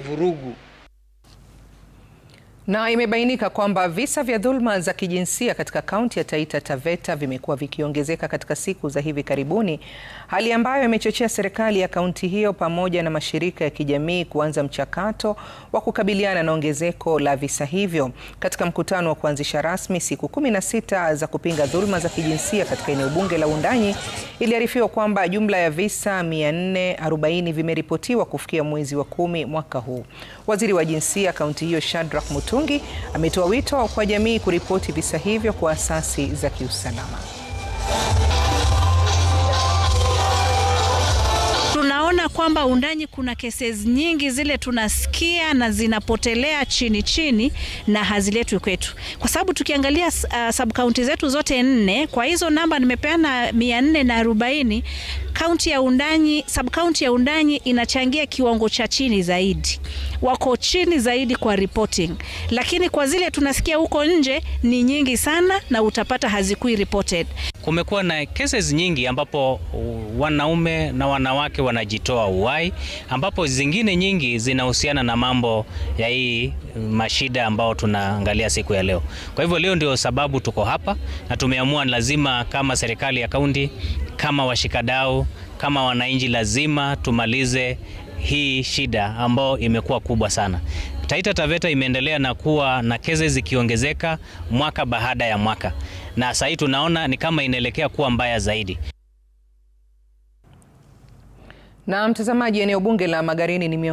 Vurugo Na imebainika kwamba visa vya dhuluma za kijinsia katika kaunti ya Taita Taveta vimekuwa vikiongezeka katika siku za hivi karibuni, hali ambayo imechochea serikali ya kaunti hiyo pamoja na mashirika ya kijamii kuanza mchakato wa kukabiliana na ongezeko la visa hivyo. Katika mkutano wa kuanzisha rasmi siku sita za kupinga dhulma za kijinsia katika eneo bunge la Wundanyi, iliarifiwa kwamba jumla ya visa 440 vimeripotiwa kufikia mwezi wa kumi mwaka huu. Waziri wa jinsia kaunti hiyo Shadrack Mutu Mtungi ametoa wito kwa jamii kuripoti visa hivyo kwa asasi za kiusalama. kwamba undani, kuna cases nyingi zile tunasikia na zinapotelea chini chini na haziletwi kwetu, kwa sababu tukiangalia uh, sub county zetu zote nne, kwa hizo namba nimepeana mia nne na arobaini, kaunti ya Undanyi, sub county ya Undanyi inachangia kiwango cha chini zaidi, wako chini zaidi kwa reporting, lakini kwa zile tunasikia huko nje ni nyingi sana, na utapata hazikui reported kumekuwa na cases nyingi ambapo wanaume na wanawake wanajitoa uhai, ambapo zingine nyingi zinahusiana na mambo ya hii mashida ambao tunaangalia siku ya leo. Kwa hivyo leo ndio sababu tuko hapa na tumeamua lazima, kama serikali ya kaunti, kama washikadau, kama wananchi, lazima tumalize hii shida ambayo imekuwa kubwa sana. Taita Taveta imeendelea na kuwa na kesi zikiongezeka mwaka baada ya mwaka, na sasa hii tunaona ni kama inaelekea kuwa mbaya zaidi. Na mtazamaji, eneo bunge la Magarini ni